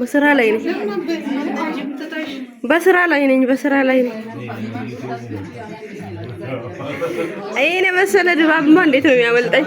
በስራ ላይ ነኝ። በስራ ላይ ነኝ። በስራ ላይ ነኝ። ይሄን የመሰለ ድባብማ እንዴት ነው የሚያመልጠኝ?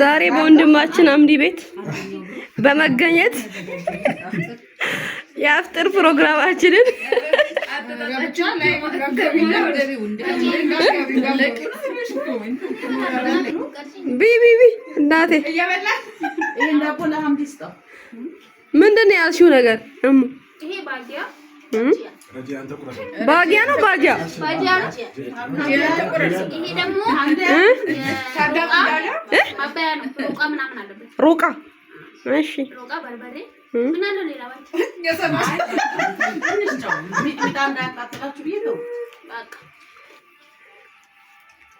ዛሬ በወንድማችን አምዲ ቤት በመገኘት የአፍጥር ፕሮግራማችንን ቢቢቢ እናቴ ምንድን ነው ያልሽው ነገር? ባጊያ ነው ባጊያ። ሩቃ እሺ፣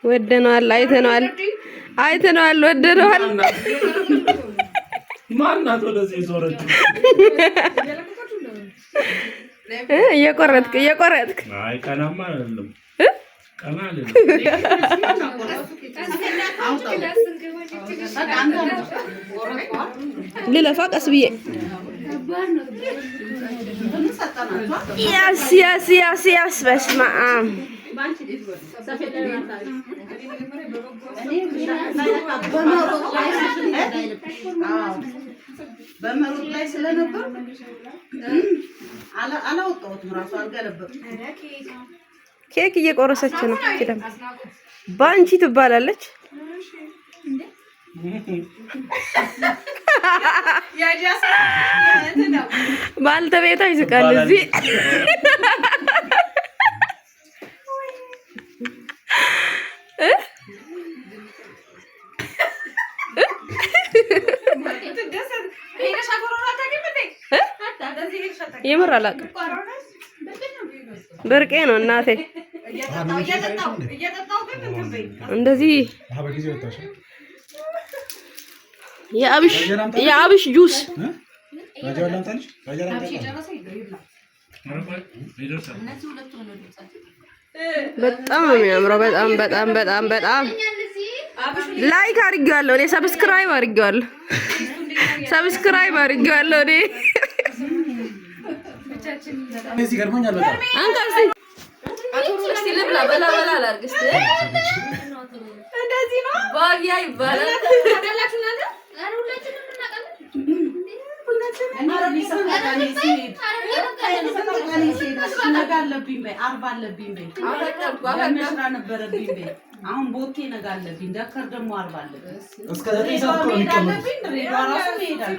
ወደነዋል፣ አይተነዋል፣ አይተነዋል፣ ወደነዋል። ማናት ወደዚህ ዞረች? እየቆረጥክ እየቆረጥክ ልለፋ ቀስ ብዬ ያስ ያስ ያስ ያስ በስመ አብ በመሮጥ ላይ ስለነበር አላወጣሁትም። ራሱ አልገለበጥኩም። ኬክ እየቆረሰች ነው። ኪደም ባንቺ ትባላለች። ባልተቤቷ ይስቃል እዚህ የምር አላውቅም። ብርቄ ነው እናቴ። እንደዚህ የአብሽ የአብሽ ጁስ በጣም ነው የሚያምረው። በጣም በጣም በጣም በጣም ላይክ አድርጌዋለሁ እኔ ሰብስክራይብ አድርጌዋለሁ ሰብስክራይብ አድርጌዋለሁ እኔ አሁን ቦቴ ነገ አለብኝ፣ ደከር ደግሞ አርባ አለብኝ። እስከ ዘጠኝ ሰዓት እኮ ነው የሚቀመጡት።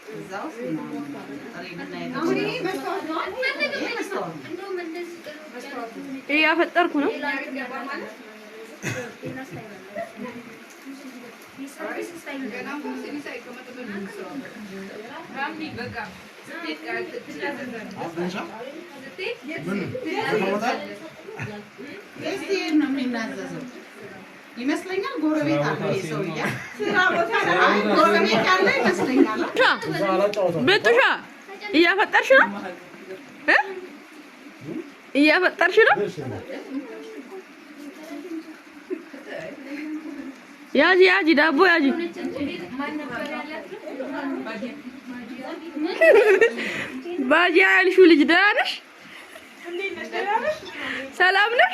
እያፈጠርኩ ነው። ነው የሚናዘዘው ይመስለኛል ጎረቤት አለ ስራ ቦታ ጎረቤት ያለ ይመስለኛል። ብጡሻ እያፈጠርሽ ነው እያፈጠርሽ ነው። ያጂ ያጂ ዳቦ ያጂ ባጂ ያልሽው ልጅ ደህና ነሽ? ሰላም ነሽ?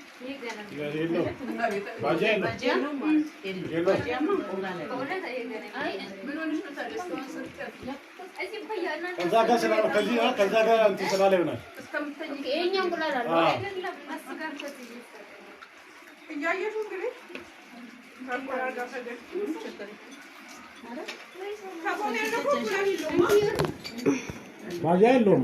ከዛ ጋር ስላለ ከዚህ ከዛ ጋር እንትን ስላለ ይሆናል። ማዚያ የለውም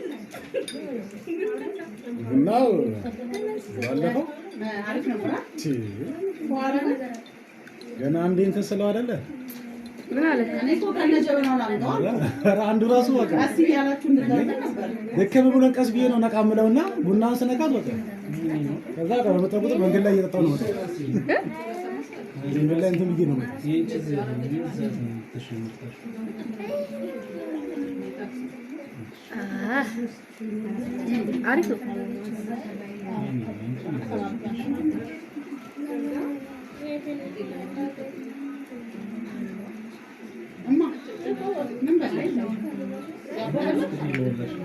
እና ባለፈው ገና አንዴ እንትን ስለው አይደለ አንዱ ራሱ በቃ ደከመ ብሎን ቀስ ብዬ ነው ነቃ የምለውና ቡናን ስነቃት በቃ ከዛ በመጣ ቁጥር መንገድ ላይ እየጠጣው ነው መንገድ ላይ እንትን ብዬ ነው Ah, ah,